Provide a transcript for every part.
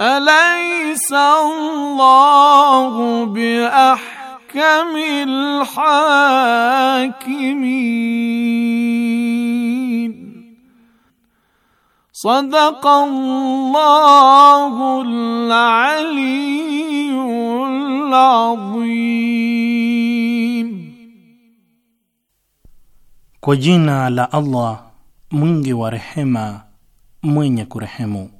اليس الله باحكم الحاكمين صدق الله العلي العظيم وجينا لا الله منجي ورحمه مين يكرهمه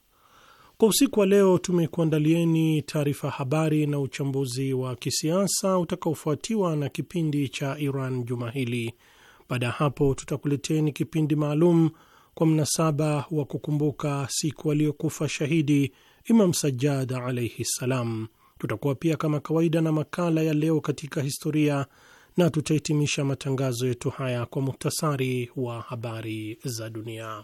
Kwa usiku wa leo tumekuandalieni taarifa habari na uchambuzi wa kisiasa utakaofuatiwa na kipindi cha Iran juma hili. Baada ya hapo, tutakuleteni kipindi maalum kwa mnasaba wa kukumbuka siku aliyokufa shahidi Imam Sajjad alaihi ssalam. Tutakuwa pia kama kawaida na makala ya leo katika historia na tutahitimisha matangazo yetu haya kwa muhtasari wa habari za dunia.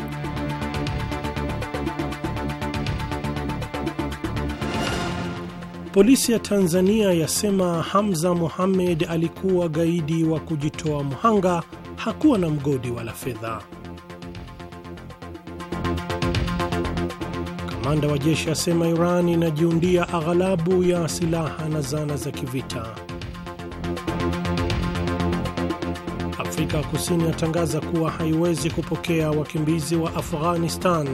Polisi ya Tanzania yasema Hamza muhammed alikuwa gaidi wa kujitoa mhanga, hakuwa na mgodi wala fedha. Kamanda wa jeshi asema Iran inajiundia aghalabu ya silaha na zana za kivita. Afrika Kusini yatangaza kuwa haiwezi kupokea wakimbizi wa Afghanistan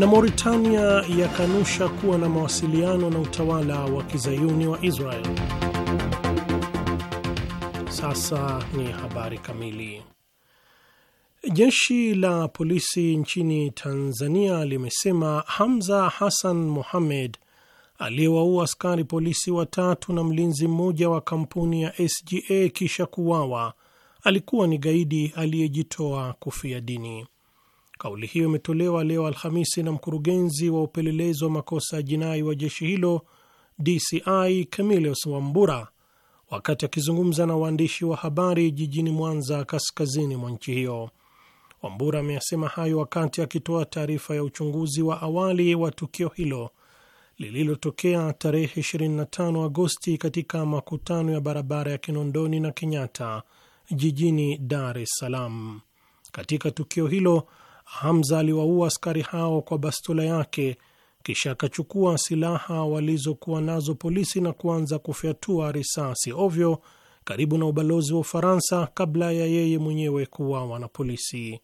na Mauritania yakanusha kuwa na mawasiliano na utawala wa kizayuni wa Israel. Sasa ni habari kamili. Jeshi la polisi nchini Tanzania limesema Hamza Hassan Mohamed aliyewaua askari polisi watatu na mlinzi mmoja wa kampuni ya SGA kisha kuwawa alikuwa ni gaidi aliyejitoa kufia dini. Kauli hiyo imetolewa leo Alhamisi na mkurugenzi wa upelelezi wa makosa ya jinai wa jeshi hilo DCI Camillus Wambura wakati akizungumza na waandishi wa habari jijini Mwanza, kaskazini mwa nchi hiyo. Wambura ameyasema hayo wakati akitoa taarifa ya uchunguzi wa awali wa tukio hilo lililotokea tarehe 25 Agosti katika makutano ya barabara ya Kinondoni na Kenyatta jijini Dar es Salaam. Katika tukio hilo Hamza aliwaua askari hao kwa bastola yake, kisha akachukua silaha walizokuwa nazo polisi na kuanza kufyatua risasi ovyo karibu na ubalozi wa Ufaransa kabla ya yeye mwenyewe kuuawa na polisi.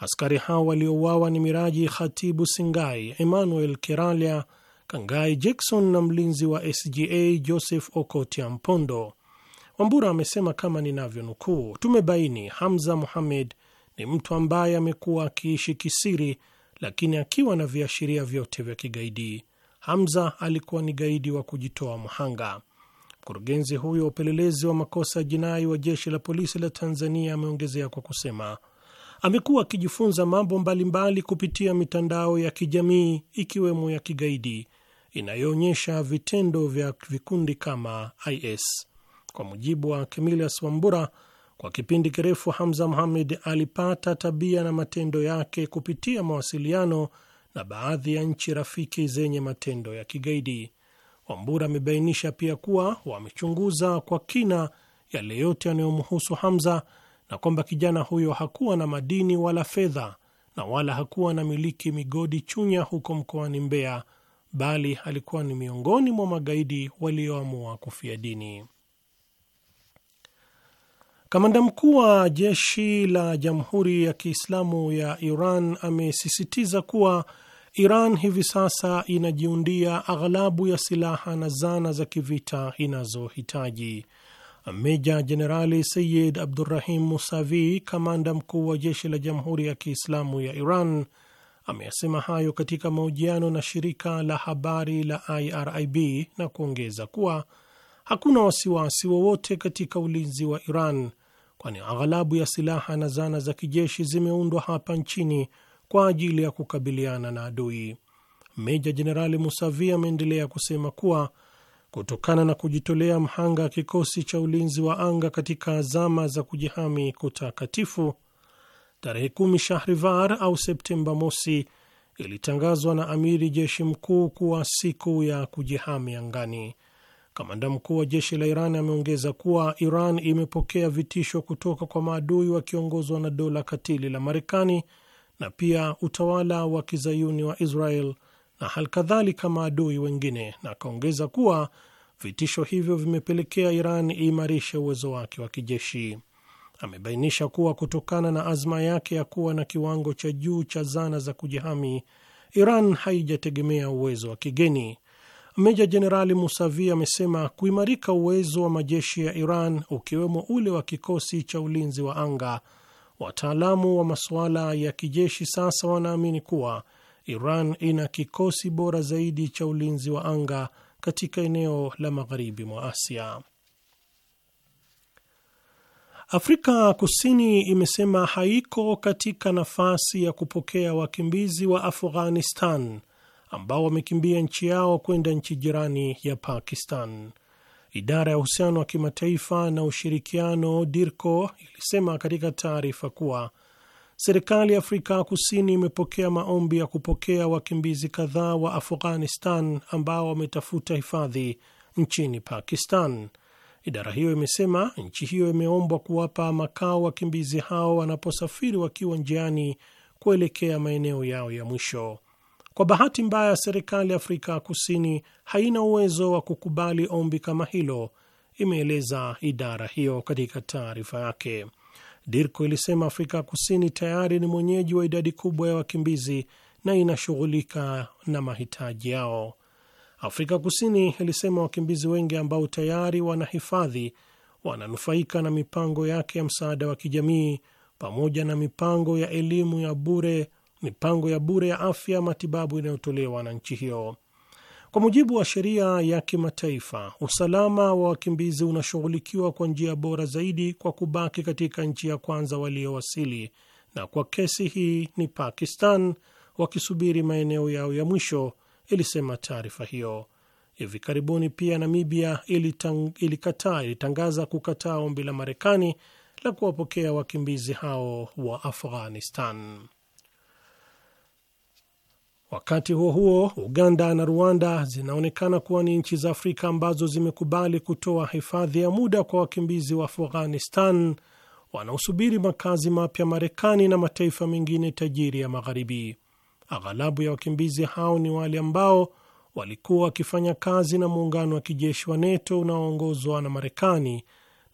Askari hao waliouawa ni Miraji Khatibu Singai, Emmanuel Keralia Kangai Jackson na mlinzi wa SGA Joseph Okotia Mpondo. Wambura amesema kama ninavyonukuu, tumebaini Hamza Mohamed ni mtu ambaye amekuwa akiishi kisiri, lakini akiwa na viashiria vyote vya kigaidi. Hamza alikuwa ni gaidi wa kujitoa mhanga. Mkurugenzi huyo wa upelelezi wa makosa ya jinai wa jeshi la polisi la Tanzania ameongezea kwa kusema amekuwa akijifunza mambo mbalimbali mbali kupitia mitandao ya kijamii ikiwemo ya kigaidi inayoonyesha vitendo vya vikundi kama IS. Kwa mujibu wa Kemilias Wambura, kwa kipindi kirefu Hamza muhamed alipata tabia na matendo yake kupitia mawasiliano na baadhi ya nchi rafiki zenye matendo ya kigaidi. Wambura amebainisha pia kuwa wamechunguza kwa kina yale yote yanayomhusu Hamza na kwamba kijana huyo hakuwa na madini wala fedha na wala hakuwa na miliki migodi Chunya huko mkoani Mbeya, bali alikuwa ni miongoni mwa magaidi walioamua kufia dini. Kamanda mkuu wa jeshi la Jamhuri ya Kiislamu ya Iran amesisitiza kuwa Iran hivi sasa inajiundia aghalabu ya silaha na zana za kivita inazohitaji. Meja Jenerali Sayid Abdurrahim Musavi, kamanda mkuu wa jeshi la Jamhuri ya Kiislamu ya Iran, ameyasema hayo katika mahojiano na shirika la habari la IRIB na kuongeza kuwa hakuna wasiwasi wowote katika ulinzi wa Iran kwani aghalabu ya silaha na zana za kijeshi zimeundwa hapa nchini kwa ajili ya kukabiliana na adui. Meja Jenerali Musavi ameendelea kusema kuwa kutokana na kujitolea mhanga kikosi cha ulinzi wa anga katika zama za kujihami kutakatifu, tarehe kumi Shahrivar au Septemba mosi ilitangazwa na amiri jeshi mkuu kuwa siku ya kujihami angani. Kamanda mkuu wa jeshi la Iran ameongeza kuwa Iran imepokea vitisho kutoka kwa maadui wakiongozwa na dola katili la Marekani na pia utawala wa kizayuni wa Israel na halikadhalika maadui wengine, na akaongeza kuwa vitisho hivyo vimepelekea Iran iimarishe uwezo wake wa kijeshi. Amebainisha kuwa kutokana na azma yake ya kuwa na kiwango cha juu cha zana za kujihami, Iran haijategemea uwezo wa kigeni Meja Jenerali Musavi amesema kuimarika uwezo wa majeshi ya Iran ukiwemo ule wa kikosi cha ulinzi wa anga, wataalamu wa masuala ya kijeshi sasa wanaamini kuwa Iran ina kikosi bora zaidi cha ulinzi wa anga katika eneo la magharibi mwa Asia. Afrika Kusini imesema haiko katika nafasi ya kupokea wakimbizi wa Afghanistan ambao wamekimbia nchi yao kwenda nchi jirani ya Pakistan. Idara ya uhusiano wa kimataifa na ushirikiano DIRCO ilisema katika taarifa kuwa serikali ya Afrika Kusini imepokea maombi ya kupokea wakimbizi kadhaa wa Afghanistan ambao wametafuta hifadhi nchini Pakistan. Idara hiyo imesema nchi hiyo imeombwa kuwapa makao wakimbizi hao wanaposafiri wakiwa njiani kuelekea maeneo yao ya mwisho. Kwa bahati mbaya, serikali ya Afrika Kusini haina uwezo wa kukubali ombi kama hilo, imeeleza idara hiyo katika taarifa yake. DIRCO ilisema Afrika Kusini tayari ni mwenyeji wa idadi kubwa ya wakimbizi na inashughulika na mahitaji yao. Afrika Kusini ilisema wakimbizi wengi ambao tayari wanahifadhi wananufaika na mipango yake ya msaada wa kijamii pamoja na mipango ya elimu ya bure mipango ya bure ya afya matibabu inayotolewa na nchi hiyo. Kwa mujibu wa sheria ya kimataifa, usalama wa wakimbizi unashughulikiwa kwa njia bora zaidi kwa kubaki katika nchi ya kwanza waliowasili, na kwa kesi hii ni Pakistan, wakisubiri maeneo yao ya mwisho, ilisema taarifa hiyo. Hivi karibuni pia Namibia ilitang, ilikataa ilitangaza kukataa ombi la Marekani la kuwapokea wakimbizi hao wa Afghanistan. Wakati huo huo, Uganda na Rwanda zinaonekana kuwa ni nchi za Afrika ambazo zimekubali kutoa hifadhi ya muda kwa wakimbizi wa Afghanistan wanaosubiri makazi mapya Marekani na mataifa mengine tajiri ya Magharibi. Aghalabu ya wakimbizi hao ni wale ambao walikuwa wakifanya kazi na muungano wa kijeshi wa NATO unaoongozwa na Marekani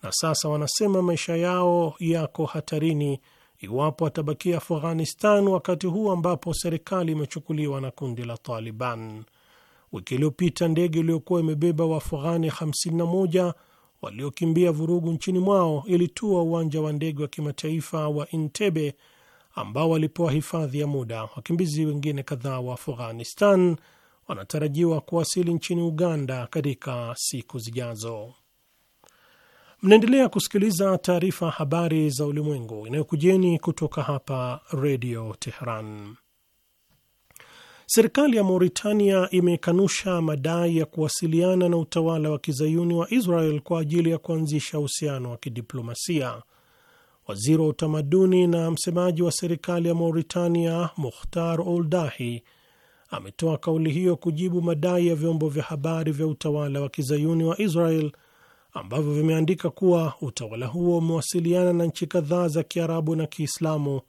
na sasa wanasema maisha yao yako hatarini iwapo atabakia Afghanistan wakati huu ambapo serikali imechukuliwa na kundi la Taliban. Wiki iliyopita ndege iliyokuwa imebeba Waafghani 51 waliokimbia vurugu nchini mwao ilitua uwanja wa ndege wa kimataifa wa Entebbe ambao walipewa hifadhi ya muda. Wakimbizi wengine kadhaa wa Afghanistan wanatarajiwa kuwasili nchini Uganda katika siku zijazo. Mnaendelea kusikiliza taarifa habari za ulimwengu inayokujeni kutoka hapa redio Teheran. Serikali ya Mauritania imekanusha madai ya kuwasiliana na utawala wa kizayuni wa Israel kwa ajili ya kuanzisha uhusiano wa kidiplomasia. Waziri wa utamaduni na msemaji wa serikali ya Mauritania Mukhtar Oldahi ametoa kauli hiyo kujibu madai ya vyombo vya habari vya utawala wa kizayuni wa Israel ambavyo vimeandika kuwa utawala huo umewasiliana na nchi kadhaa za Kiarabu na Kiislamu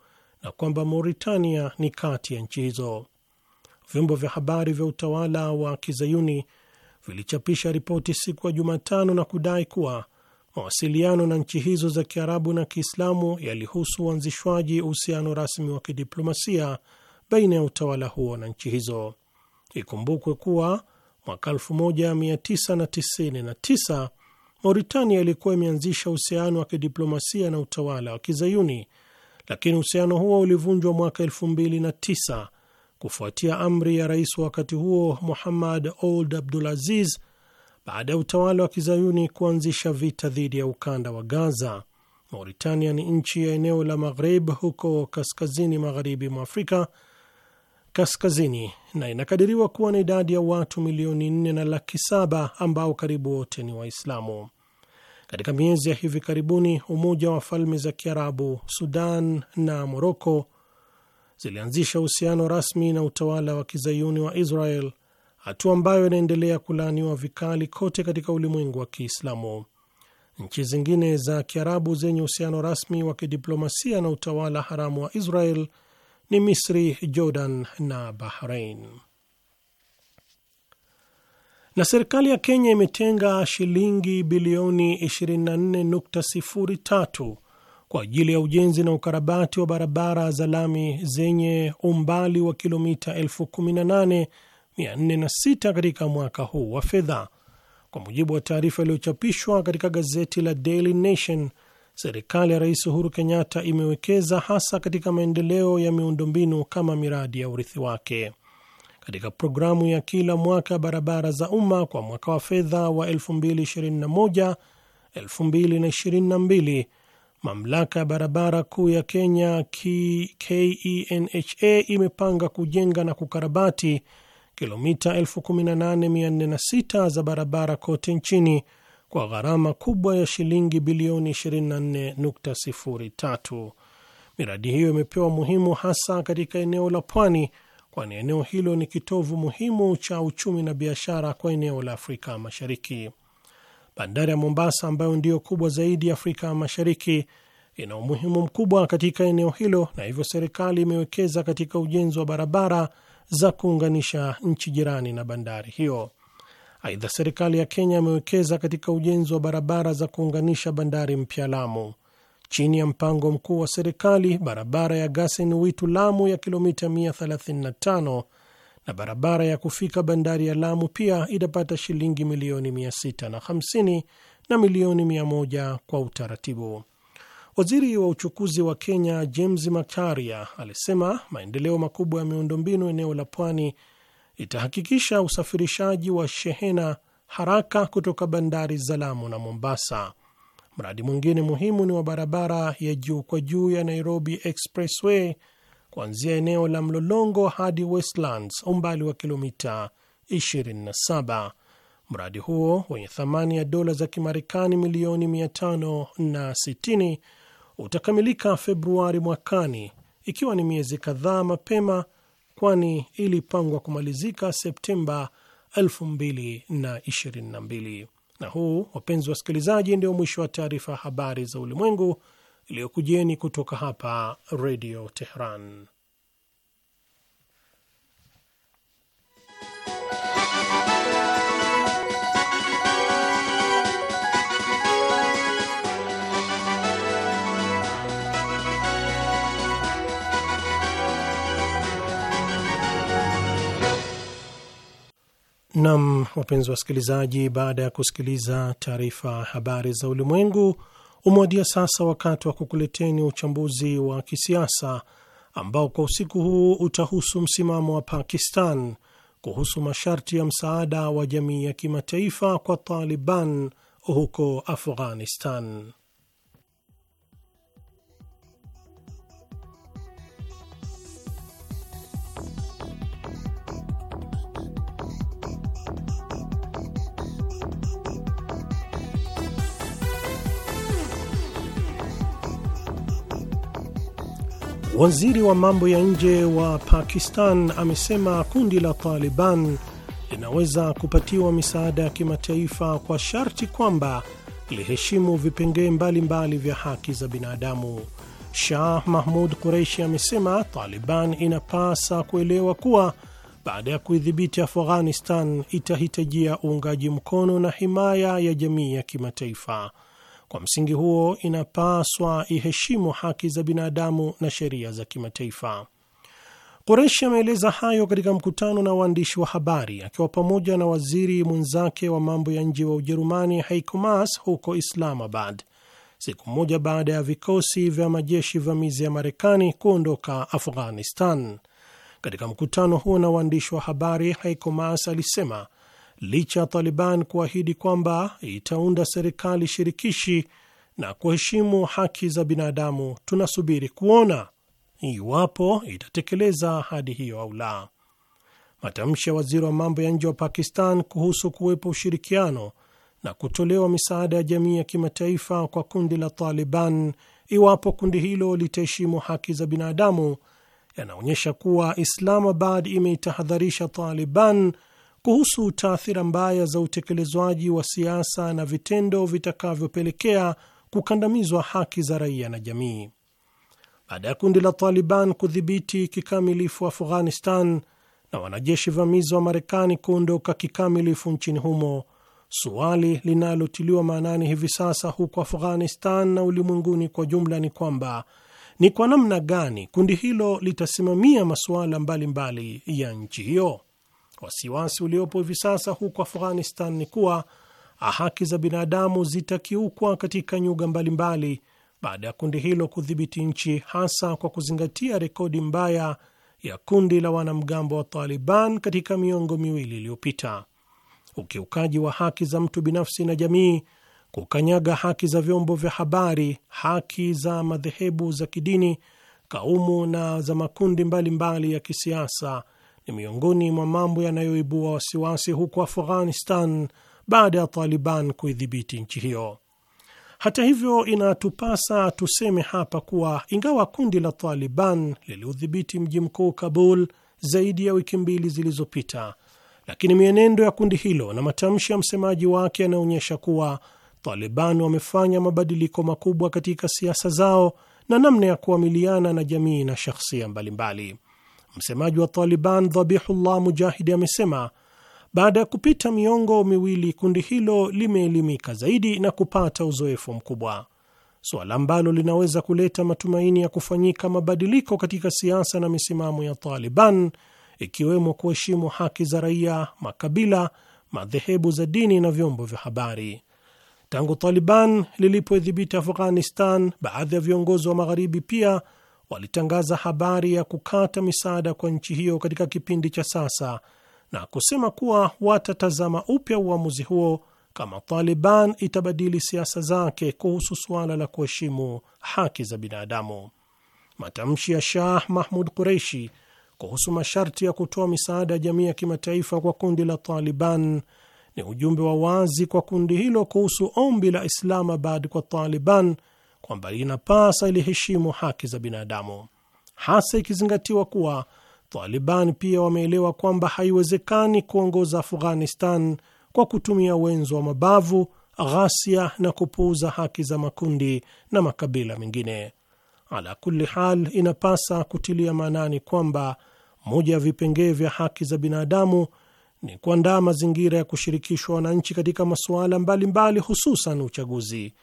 na kwamba Mauritania ni kati ya nchi hizo. Vyombo vya habari vya utawala wa kizayuni vilichapisha ripoti siku ya Jumatano na kudai kuwa mawasiliano na nchi hizo za Kiarabu na Kiislamu yalihusu uanzishwaji uhusiano rasmi wa kidiplomasia baina ya utawala huo na nchi hizo. Ikumbukwe kuwa mwaka 1999 Mauritania ilikuwa imeanzisha uhusiano wa kidiplomasia na utawala wa Kizayuni, lakini uhusiano huo ulivunjwa mwaka tisa kufuatia amri ya rais wa wakati huo Muhammad Ould Abdul Aziz baada ya utawala wa Kizayuni kuanzisha vita dhidi ya ukanda wa Gaza. Mauritania ni nchi ya eneo la Maghreb huko kaskazini magharibi mwa Afrika kaskazini na inakadiriwa kuwa na idadi ya watu milioni nne na laki saba ambao karibu wote ni Waislamu. Katika miezi ya hivi karibuni, Umoja wa Falme za Kiarabu, Sudan na Moroko zilianzisha uhusiano rasmi na utawala wa kizayuni wa Israel, hatua ambayo inaendelea kulaaniwa vikali kote katika ulimwengu wa Kiislamu. Nchi zingine za Kiarabu zenye uhusiano rasmi wa kidiplomasia na utawala haramu wa Israel ni Misri, Jordan na Bahrain. Na serikali ya Kenya imetenga shilingi bilioni 24.03 kwa ajili ya ujenzi na ukarabati wa barabara za lami zenye umbali wa kilomita 18406 katika mwaka huu wa fedha, kwa mujibu wa taarifa iliyochapishwa katika gazeti la Daily Nation serikali ya Rais Uhuru Kenyatta imewekeza hasa katika maendeleo ya miundombinu kama miradi ya urithi wake. Katika programu ya kila mwaka barabara za umma kwa mwaka wa fedha wa 2021 2022 mamlaka ya barabara kuu ya Kenya KENHA imepanga kujenga na kukarabati kilomita 18406 za barabara kote nchini kwa gharama kubwa ya shilingi bilioni 24.03. Miradi hiyo imepewa muhimu hasa katika eneo la pwani, kwani eneo hilo ni kitovu muhimu cha uchumi na biashara kwa eneo la Afrika Mashariki. Bandari ya Mombasa ambayo ndiyo kubwa zaidi Afrika Mashariki ina umuhimu mkubwa katika eneo hilo, na hivyo serikali imewekeza katika ujenzi wa barabara za kuunganisha nchi jirani na bandari hiyo. Aidha, serikali ya Kenya imewekeza katika ujenzi wa barabara za kuunganisha bandari mpya Lamu. Chini ya mpango mkuu wa serikali, barabara ya Gasen Witu Lamu ya kilomita 135 na barabara ya kufika bandari ya Lamu pia itapata shilingi milioni 650 na milioni 100 kwa utaratibu. Waziri wa uchukuzi wa Kenya James Macharia alisema maendeleo makubwa ya miundombinu eneo la pwani itahakikisha usafirishaji wa shehena haraka kutoka bandari za Lamu na Mombasa. Mradi mwingine muhimu ni wa barabara ya juu kwa juu ya Nairobi Expressway kuanzia eneo la Mlolongo hadi Westlands, umbali wa kilomita 27. Mradi huo wenye thamani ya dola za Kimarekani milioni 560 utakamilika Februari mwakani, ikiwa ni miezi kadhaa mapema kwani ilipangwa kumalizika Septemba 2022. Na huu, wapenzi wasikilizaji, ndio mwisho wa taarifa ya habari za ulimwengu iliyokujeni kutoka hapa Redio Tehran. Nam, wapenzi wasikilizaji, baada ya kusikiliza taarifa habari za ulimwengu, umewadia sasa wakati wa kukuleteni uchambuzi wa kisiasa ambao kwa usiku huu utahusu msimamo wa Pakistan kuhusu masharti ya msaada wa jamii ya kimataifa kwa Taliban huko Afghanistan. Waziri wa mambo ya nje wa Pakistan amesema kundi la Taliban linaweza kupatiwa misaada ya kimataifa kwa sharti kwamba liheshimu vipengee mbalimbali vya haki za binadamu. Shah Mahmud Qureishi amesema Taliban inapasa kuelewa kuwa baada ya kuidhibiti Afghanistan itahitajia uungaji mkono na himaya ya jamii ya kimataifa. Kwa msingi huo, inapaswa iheshimu haki za binadamu na sheria za kimataifa. Qureshi ameeleza hayo katika mkutano na waandishi wa habari akiwa pamoja na waziri mwenzake wa mambo ya nje wa Ujerumani Heiko Maas huko Islamabad siku moja baada ya vikosi vya majeshi vamizi ya Marekani kuondoka Afghanistan. Katika mkutano huo na waandishi wa habari, Heiko Maas alisema licha ya Taliban kuahidi kwamba itaunda serikali shirikishi na kuheshimu haki za binadamu. Tunasubiri kuona iwapo itatekeleza ahadi hiyo au la. Matamshi ya waziri wa mambo ya nje wa Pakistan kuhusu kuwepo ushirikiano na kutolewa misaada ya jamii ya kimataifa kwa kundi la Taliban iwapo kundi hilo litaheshimu haki za binadamu yanaonyesha kuwa Islamabad imeitahadharisha Taliban kuhusu taathira mbaya za utekelezwaji wa siasa na vitendo vitakavyopelekea kukandamizwa haki za raia na jamii. Baada ya kundi la Taliban kudhibiti kikamilifu Afghanistan na wanajeshi vamizi wa Marekani kuondoka kikamilifu nchini humo, suali linalotiliwa maanani hivi sasa huko Afghanistan na ulimwenguni kwa jumla ni kwamba ni kwa namna gani kundi hilo litasimamia masuala mbalimbali ya nchi hiyo. Wasiwasi uliopo hivi sasa huko Afghanistan ni kuwa ah, haki za binadamu zitakiukwa katika nyuga mbalimbali baada ya kundi hilo kudhibiti nchi, hasa kwa kuzingatia rekodi mbaya ya kundi la wanamgambo wa Taliban katika miongo miwili iliyopita. Ukiukaji wa haki za mtu binafsi na jamii, kukanyaga haki za vyombo vya habari, haki za madhehebu za kidini, kaumu na za makundi mbalimbali mbali ya kisiasa ni miongoni mwa mambo yanayoibua wasiwasi huko Afghanistan baada ya Taliban kuidhibiti nchi hiyo. Hata hivyo, inatupasa tuseme hapa kuwa ingawa kundi la Taliban liliudhibiti mji mkuu Kabul zaidi ya wiki mbili zilizopita, lakini mienendo ya kundi hilo na matamshi ya msemaji wake yanaonyesha kuwa Taliban wamefanya mabadiliko makubwa katika siasa zao na namna ya kuamiliana na jamii na shahsia mbalimbali. Msemaji wa Taliban Dhabihullah Mujahidi amesema baada ya kupita miongo miwili kundi hilo limeelimika zaidi na kupata uzoefu mkubwa, suala ambalo linaweza kuleta matumaini ya kufanyika mabadiliko katika siasa na misimamo ya Taliban, ikiwemo kuheshimu haki za raia, makabila, madhehebu za dini na vyombo vya habari. Tangu Taliban lilipoidhibiti Afghanistan, baadhi ya viongozi wa Magharibi pia walitangaza habari ya kukata misaada kwa nchi hiyo katika kipindi cha sasa na kusema kuwa watatazama upya uamuzi huo kama Taliban itabadili siasa zake kuhusu suala la kuheshimu haki za binadamu. Matamshi ya Shah Mahmud Qureishi kuhusu masharti ya kutoa misaada ya jamii ya kimataifa kwa kundi la Taliban ni ujumbe wa wazi kwa kundi hilo kuhusu ombi la Islamabad kwa Taliban kwamba inapasa iliheshimu haki za binadamu, hasa ikizingatiwa kuwa Taliban pia wameelewa kwamba haiwezekani kuongoza Afghanistan kwa kutumia wenzo wa mabavu, ghasia na kupuuza haki za makundi na makabila mengine. Ala kulli hal, inapasa kutilia maanani kwamba moja ya vipengee vya haki za binadamu ni kuandaa mazingira ya kushirikishwa wananchi katika masuala mbalimbali, hususan uchaguzi,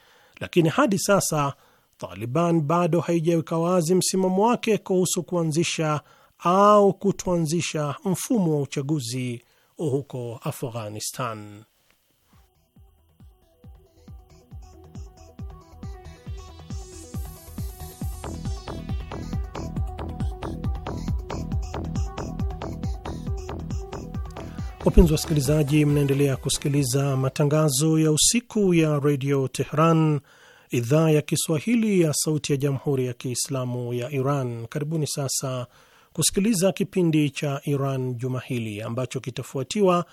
lakini hadi sasa Taliban bado haijaweka wazi msimamo wake kuhusu kuanzisha au kutoanzisha mfumo wa uchaguzi huko Afghanistan. Wapenzi wasikilizaji, mnaendelea kusikiliza matangazo ya usiku ya redio Tehran, idhaa ya Kiswahili ya sauti ya jamhuri ya Kiislamu ya Iran. Karibuni sasa kusikiliza kipindi cha Iran juma hili ambacho kitafuatiwa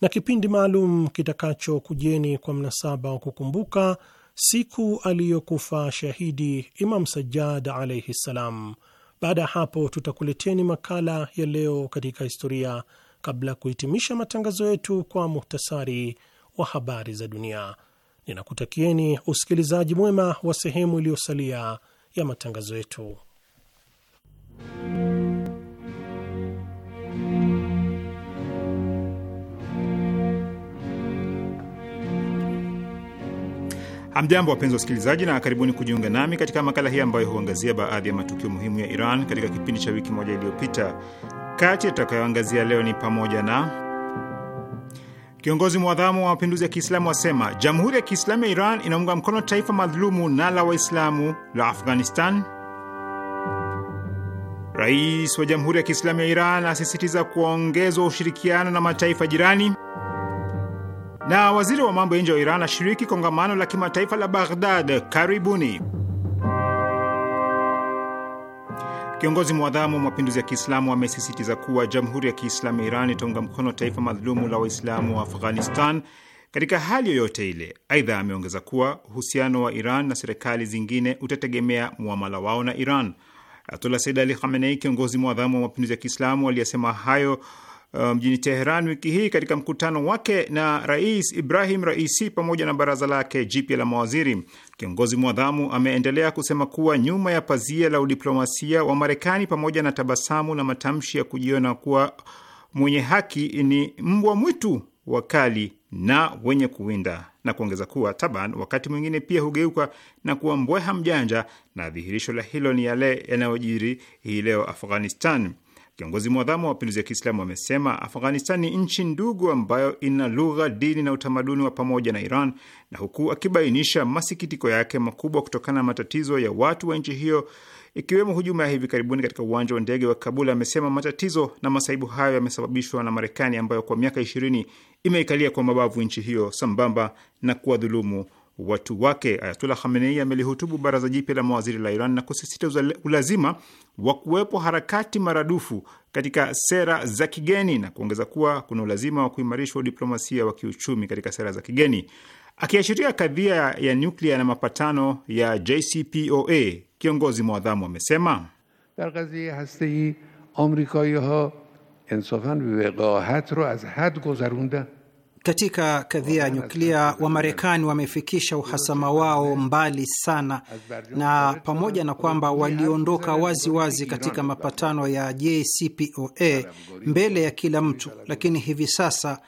na kipindi maalum kitakachokujeni kwa mnasaba wa kukumbuka siku aliyokufa shahidi Imam Sajjad alaihi ssalam. Baada ya hapo, tutakuleteni makala ya leo katika historia kabla ya kuhitimisha matangazo yetu kwa muhtasari wa habari za dunia. Ninakutakieni usikilizaji mwema wa sehemu iliyosalia ya matangazo yetu. Hamjambo, wapenzi usikilizaji, na karibuni kujiunga nami katika makala hii ambayo huangazia baadhi ya matukio muhimu ya Iran katika kipindi cha wiki moja iliyopita mikakati tutakayoangazia leo ni pamoja na kiongozi mwadhamu wa mapinduzi ya Kiislamu asema jamhuri ya Kiislamu ya Iran inaunga mkono taifa madhulumu na la Waislamu la Afghanistan. Rais wa Jamhuri ya Kiislamu ya Iran asisitiza kuongezwa ushirikiano na mataifa jirani, na waziri wa mambo ya nje wa Iran ashiriki kongamano la kimataifa la Baghdad. Karibuni. Kiongozi mwadhamu wa mapinduzi ya Kiislamu amesisitiza kuwa Jamhuri ya Kiislamu ya Iran itaunga mkono taifa madhulumu la Waislamu wa Afghanistan katika hali yoyote ile. Aidha, ameongeza kuwa uhusiano wa Iran na serikali zingine utategemea muamala wao na Iran. Ayatullah Sayyid Ali Khamenei, kiongozi mwadhamu wa mapinduzi ya Kiislamu, aliyesema hayo Uh, mjini um, Teheran wiki hii katika mkutano wake na Rais Ibrahim Raisi pamoja na baraza lake jipya la mawaziri. Kiongozi mwadhamu ameendelea kusema kuwa nyuma ya pazia la udiplomasia wa Marekani, pamoja na tabasamu na matamshi ya kujiona kuwa mwenye haki, ni mbwa mwitu wakali na wenye kuwinda, na kuongeza kuwa taban wakati mwingine pia hugeuka na kuwa mbweha mjanja, na dhihirisho la hilo ni yale yanayojiri hii leo Afghanistan. Kiongozi mwadhamu wa mapinduzi ya Kiislamu amesema Afghanistan ni nchi ndugu ambayo ina lugha, dini na utamaduni wa pamoja na Iran, na huku akibainisha masikitiko yake makubwa kutokana na matatizo ya watu wa nchi hiyo ikiwemo hujuma ya hivi karibuni katika uwanja wa ndege wa Kabul. Amesema matatizo na masaibu hayo yamesababishwa na Marekani ambayo kwa miaka ishirini imeikalia kwa mabavu nchi hiyo sambamba na kuwadhulumu watu wake. Ayatullah Khamenei amelihutubu baraza jipya la mawaziri la Iran na kusisitiza ulazima wa kuwepo harakati maradufu katika sera za kigeni na kuongeza kuwa kuna ulazima wa kuimarishwa diplomasia wa kiuchumi katika sera za kigeni, akiashiria kadhia ya nyuklia na mapatano ya JCPOA. Kiongozi mwadhamu amesema dar hastei insafan veqahat ro az had gozarundan katika kadhia ya nyuklia Wamarekani wamefikisha uhasama wao mbali sana, na pamoja na kwamba waliondoka wazi wazi katika mapatano ya JCPOA mbele ya kila mtu, lakini hivi sasa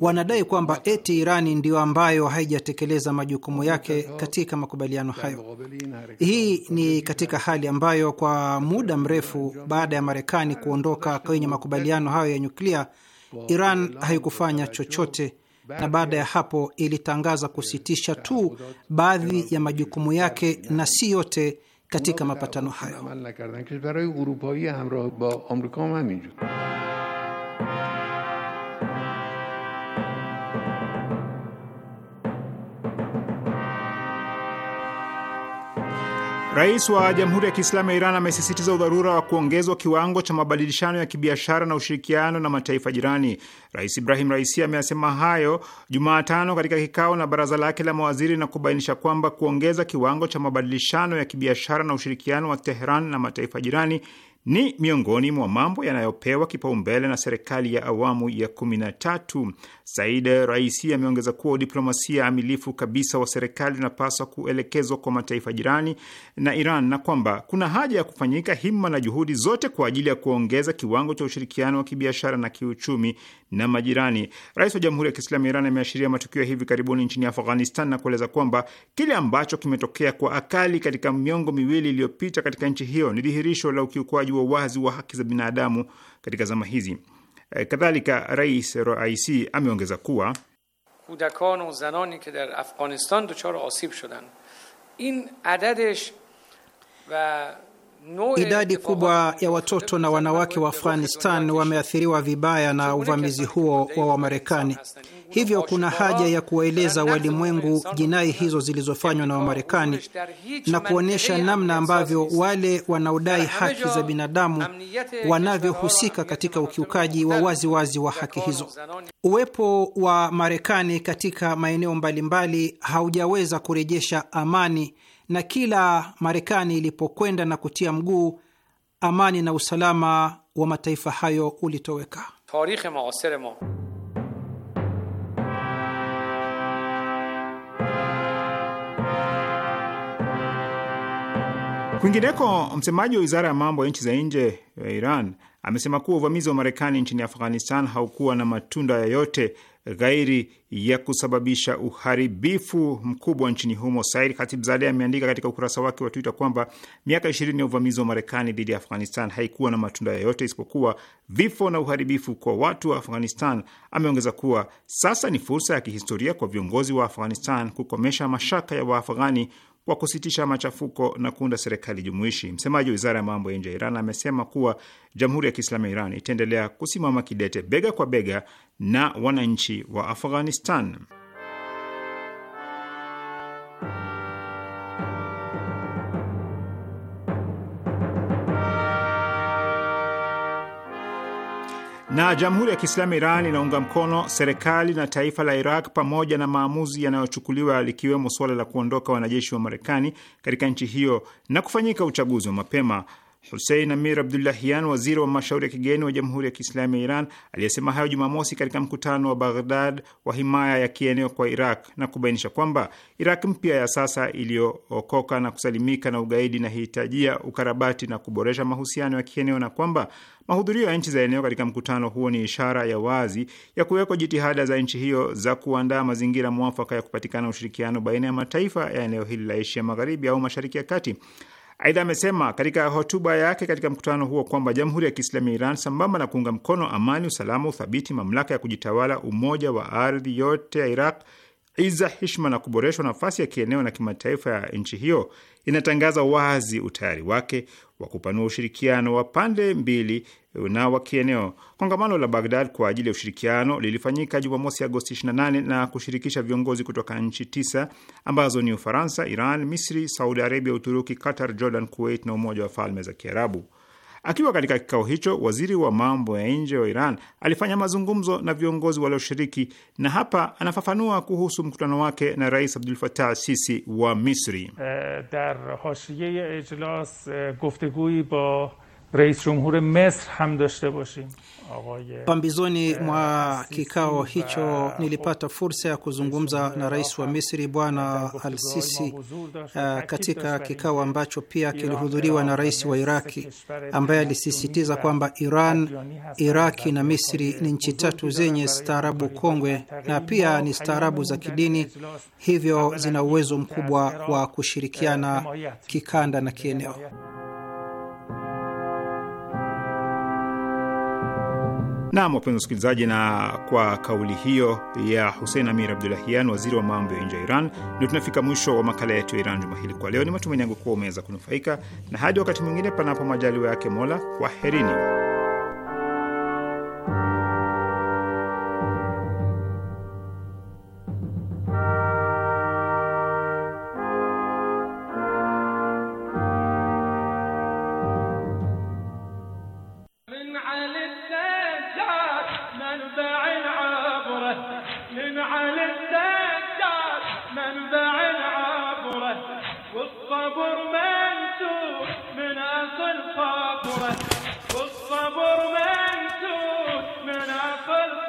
wanadai kwamba eti Irani ndiyo ambayo haijatekeleza majukumu yake katika makubaliano hayo. Hii ni katika hali ambayo kwa muda mrefu baada ya Marekani kuondoka kwenye makubaliano hayo ya nyuklia Iran haikufanya chochote, na baada ya hapo ilitangaza kusitisha tu baadhi ya majukumu yake na si yote katika mapatano hayo. Rais wa Jamhuri ya Kiislamu ya Iran amesisitiza udharura wa kuongezwa kiwango cha mabadilishano ya kibiashara na ushirikiano na mataifa jirani. Rais Ibrahim Raisi ameyasema hayo Jumatano katika kikao na baraza lake la mawaziri na kubainisha kwamba kuongeza kiwango cha mabadilishano ya kibiashara na ushirikiano wa teheran na mataifa jirani ni miongoni mwa mambo yanayopewa kipaumbele na serikali ya awamu ya kumi na tatu. Said Raisi ameongeza kuwa diplomasia amilifu kabisa wa serikali unapaswa kuelekezwa kwa mataifa jirani na Iran na kwamba kuna haja ya kufanyika himma na juhudi zote kwa ajili ya kuongeza kiwango cha ushirikiano wa kibiashara na kiuchumi na majirani. Rais wa Jamhuri ya Kiislamu ya Iran ameashiria matukio ya hivi karibuni nchini Afghanistan na kueleza kwamba kile ambacho kimetokea kwa akali katika miongo miwili iliyopita katika nchi hiyo ni dhihirisho la ukiukwaji ukiukwaji wa wazi wa haki za binadamu katika zama hizi. Eh, kadhalika, Rais Raisi ameongeza kuwa kudakan o zanani ke dar afghanistan duchar asib shudan in adadesh va Idadi kubwa ya watoto na wanawake wa Afghanistan wameathiriwa vibaya na uvamizi huo wa Wamarekani. Hivyo kuna haja ya kuwaeleza walimwengu jinai hizo zilizofanywa na Wamarekani na kuonyesha namna ambavyo wale wanaodai haki za binadamu wanavyohusika katika ukiukaji wa waziwazi wazi wa haki hizo. Uwepo wa Marekani katika maeneo mbalimbali haujaweza kurejesha amani, na kila Marekani ilipokwenda na kutia mguu, amani na usalama wa mataifa hayo ulitoweka. Kwingineko, msemaji wa wizara ya mambo ya nchi za nje ya eh, Iran amesema kuwa uvamizi wa Marekani nchini Afghanistan haukuwa na matunda yoyote ghairi ya kusababisha uharibifu mkubwa nchini humo. Said Khatibzadeh ameandika katika ukurasa wake wa Twitter kwamba miaka ishirini ya uvamizi wa Marekani dhidi ya Afghanistan haikuwa na matunda yoyote isipokuwa vifo na uharibifu kwa watu wa Afghanistan. Ameongeza kuwa sasa ni fursa ya kihistoria kwa viongozi wa Afghanistan kukomesha mashaka ya Waafghani wa kusitisha machafuko na kuunda serikali jumuishi. Msemaji wa wizara ya mambo ya nje ya Iran amesema kuwa Jamhuri ya Kiislamu ya Iran itaendelea kusimama kidete bega kwa bega na wananchi wa Afghanistan. na Jamhuri ya Kiislamu Iran inaunga mkono serikali na taifa la Iraq pamoja na maamuzi yanayochukuliwa likiwemo suala la kuondoka wanajeshi wa Marekani katika nchi hiyo na kufanyika uchaguzi wa mapema. Husein Amir Abdullahian, waziri wa mashauri ya kigeni wa Jamhuri ya Kiislamu ya Iran, aliyesema hayo Jumamosi katika mkutano wa Baghdad wa himaya ya kieneo kwa Iraq na kubainisha kwamba Iraq mpya ya sasa iliyookoka na kusalimika na ugaidi inahitajia ukarabati na kuboresha mahusiano ya kieneo na kwamba mahudhurio ya nchi za eneo katika mkutano huo ni ishara ya wazi ya kuwekwa jitihada za nchi hiyo za kuandaa mazingira mwafaka ya kupatikana ushirikiano baina ya mataifa ya eneo hili la Asia Magharibi au Mashariki ya Kati. Aidha, amesema katika hotuba yake katika mkutano huo kwamba Jamhuri ya Kiislamu ya Iran sambamba na kuunga mkono amani, usalama, uthabiti, mamlaka ya kujitawala, umoja wa ardhi yote ya Iraq iza, heshima na kuboreshwa nafasi ya kieneo na kimataifa ya nchi hiyo, inatangaza wazi utayari wake wa kupanua ushirikiano wa pande mbili na wa kieneo. Kongamano la Baghdad kwa ajili ya ushirikiano lilifanyika Jumamosi, Agosti 28 na kushirikisha viongozi kutoka nchi tisa ambazo ni Ufaransa, Iran, Misri, Saudi Arabia, Uturuki, Qatar, Jordan, Kuwait na Umoja wa Falme za Kiarabu. Akiwa katika kikao hicho, waziri wa mambo ya nje wa Iran alifanya mazungumzo na viongozi walioshiriki, na hapa anafafanua kuhusu mkutano wake na Rais Abdul Fatah Sisi wa Misri. Uh, rais jumhur mesr ham داشته باشیم. Pambizoni mwa kikao hicho nilipata fursa ya kuzungumza na rais wa Misri Bwana Al-Sisi katika kikao ambacho pia kilihudhuriwa na rais wa Iraki ambaye alisisitiza kwamba Iran, Iraki na Misri ni nchi tatu zenye staarabu kongwe na pia ni staarabu za kidini, hivyo zina uwezo mkubwa wa kushirikiana kikanda na kieneo. Nam, wapenzi wasikilizaji, na kwa kauli hiyo ya Husein Amir Abdulahian, waziri wa mambo ya nje ya Iran, ndio tunafika mwisho wa makala yetu ya Iran juma hili kwa leo. Ni matumaini yangu kuwa umeweza kunufaika, na hadi wakati mwingine, panapo majaliwa yake Mola, kwaherini.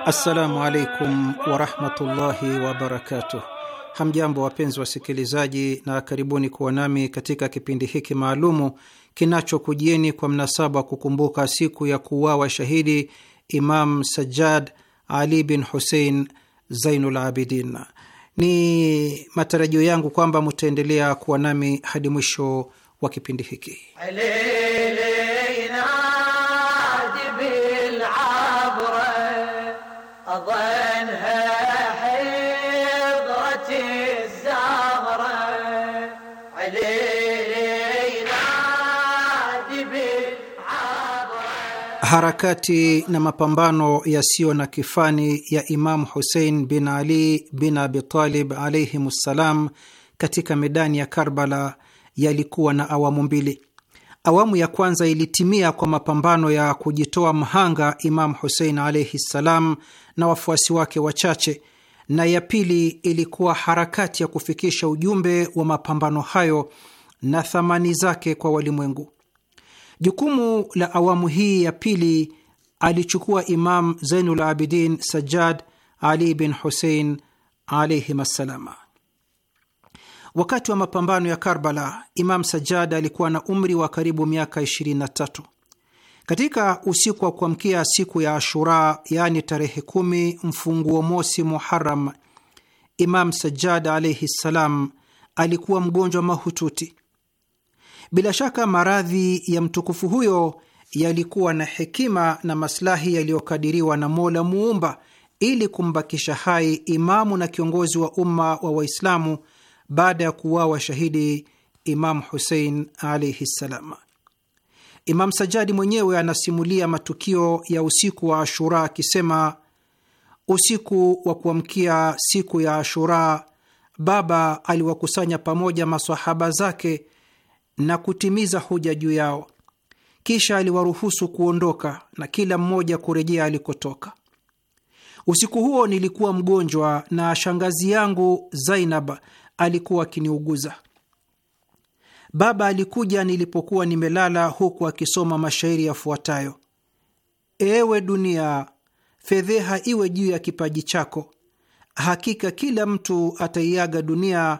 Assalamu alaikum warahmatullahi wabarakatuh. Hamjambo wapenzi wasikilizaji, na karibuni kuwa nami katika kipindi hiki maalumu kinachokujieni kwa mnasaba wa kukumbuka siku ya kuuawa shahidi Imam Sajjad Ali bin Hussein Zainul Abidin. Ni matarajio yangu kwamba mutaendelea kuwa nami hadi mwisho wa kipindi hiki. Alele. Harakati na mapambano yasiyo na kifani ya Imamu Husein bin Ali bin Abitalib alaihim ssalam katika medani ya Karbala yalikuwa na awamu mbili. Awamu ya kwanza ilitimia kwa mapambano ya kujitoa mhanga Imamu Husein alaihi ssalam na wafuasi wake wachache, na ya pili ilikuwa harakati ya kufikisha ujumbe wa mapambano hayo na thamani zake kwa walimwengu. Jukumu la awamu hii ya pili alichukua Imam Zainul Abidin Sajjad Ali bin Husein alaihim assalama. Wakati wa mapambano ya Karbala, Imam Sajjad alikuwa na umri wa karibu miaka 23. Katika usiku wa kuamkia siku ya Ashura, yaani tarehe kumi mfunguo mosi Muharam, Imam Sajjad alaihi ssalam alikuwa mgonjwa mahututi bila shaka maradhi ya mtukufu huyo yalikuwa na hekima na maslahi yaliyokadiriwa na Mola Muumba ili kumbakisha hai imamu na kiongozi wa umma wa Waislamu baada ya kuuawa shahidi Imamu Husein alaihi ssalam. Imamu Sajadi mwenyewe anasimulia matukio ya usiku wa Ashura akisema, usiku wa kuamkia siku ya Ashura, baba aliwakusanya pamoja masahaba zake na kutimiza hoja juu yao. Kisha aliwaruhusu kuondoka na kila mmoja kurejea alikotoka. Usiku huo nilikuwa mgonjwa na shangazi yangu Zainab alikuwa akiniuguza. Baba alikuja nilipokuwa nimelala, huku akisoma mashairi yafuatayo: ewe dunia, fedheha iwe juu ya kipaji chako, hakika kila mtu ataiaga dunia,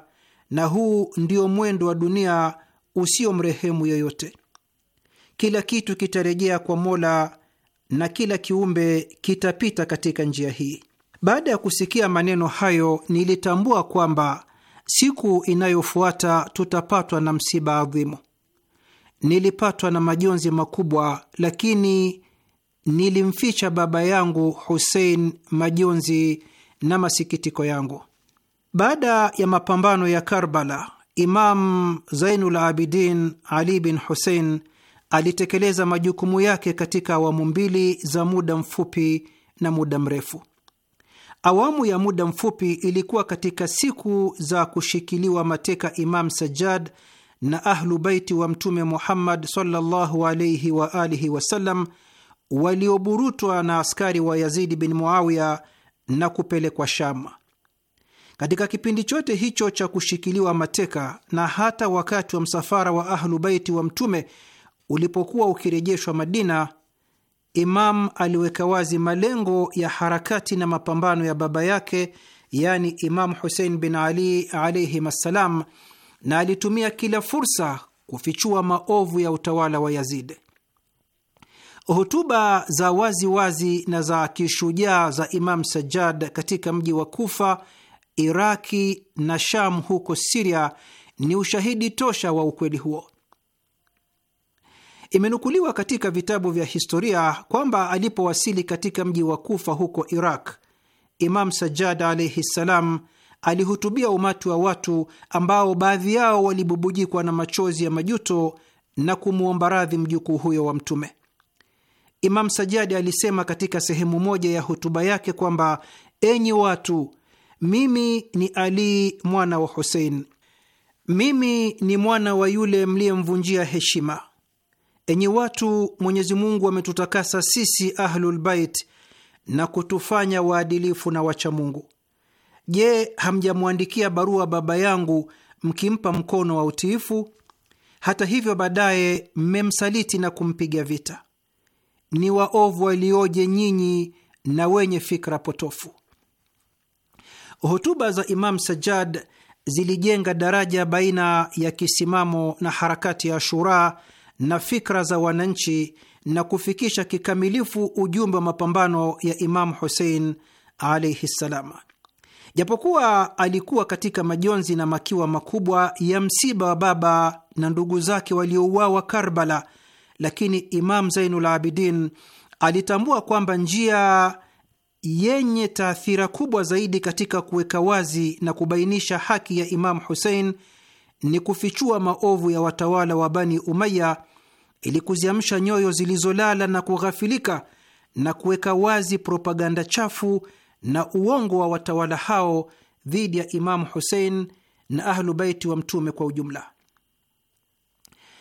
na huu ndio mwendo wa dunia usio mrehemu yoyote. Kila kitu kitarejea kwa Mola na kila kiumbe kitapita katika njia hii. Baada ya kusikia maneno hayo, nilitambua kwamba siku inayofuata tutapatwa na msiba adhimu. Nilipatwa na majonzi makubwa, lakini nilimficha baba yangu Husein majonzi na masikitiko yangu. Baada ya mapambano ya Karbala, Imam Zainul Abidin Ali bin husein alitekeleza majukumu yake katika awamu mbili za muda mfupi na muda mrefu. Awamu ya muda mfupi ilikuwa katika siku za kushikiliwa mateka Imam Sajjad na Ahlu Baiti wa Mtume Muhammad sallallahu alaihi wa alihi wasallam walioburutwa na askari wa Yazidi bin Muawiya na kupelekwa shama katika kipindi chote hicho cha kushikiliwa mateka na hata wakati wa msafara wa Ahlu Baiti wa Mtume ulipokuwa ukirejeshwa Madina, Imam aliweka wazi malengo ya harakati na mapambano ya baba yake, yaani Imam Husein bin Ali alaihim assalam, na alitumia kila fursa kufichua maovu ya utawala wa Yazid. Hotuba za waziwazi wazi na za kishujaa za Imam Sajjad katika mji wa Kufa Iraki na Sham huko Siria ni ushahidi tosha wa ukweli huo. Imenukuliwa katika vitabu vya historia kwamba alipowasili katika mji wa Kufa huko Iraq, Imam Sajjad alaihi ssalam alihutubia umati wa watu ambao baadhi yao walibubujikwa na machozi ya majuto na kumwomba radhi mjukuu huyo wa Mtume. Imam Sajadi alisema katika sehemu moja ya hutuba yake kwamba, enyi watu, mimi ni Ali mwana wa Husein, mimi ni mwana wa yule mliyemvunjia heshima. Enyi watu, Mwenyezi Mungu ametutakasa sisi Ahlulbait na kutufanya waadilifu na wachamungu. Je, hamjamwandikia barua baba yangu mkimpa mkono wa utiifu? Hata hivyo baadaye mmemsaliti na kumpiga vita. Ni waovu walioje nyinyi na wenye fikra potofu! Hotuba za Imam Sajjad zilijenga daraja baina ya kisimamo na harakati ya Shura na fikra za wananchi na kufikisha kikamilifu ujumbe wa mapambano ya Imamu Husein alaihi ssalam. Japokuwa alikuwa katika majonzi na makiwa makubwa ya msiba wa baba na ndugu zake waliouawa Karbala, lakini Imam Zainul Abidin alitambua kwamba njia yenye taathira kubwa zaidi katika kuweka wazi na kubainisha haki ya Imamu Husein ni kufichua maovu ya watawala wa Bani Umaya ili kuziamsha nyoyo zilizolala na kughafilika na kuweka wazi propaganda chafu na uongo wa watawala hao dhidi ya Imamu Husein na Ahlu Baiti wa Mtume kwa ujumla.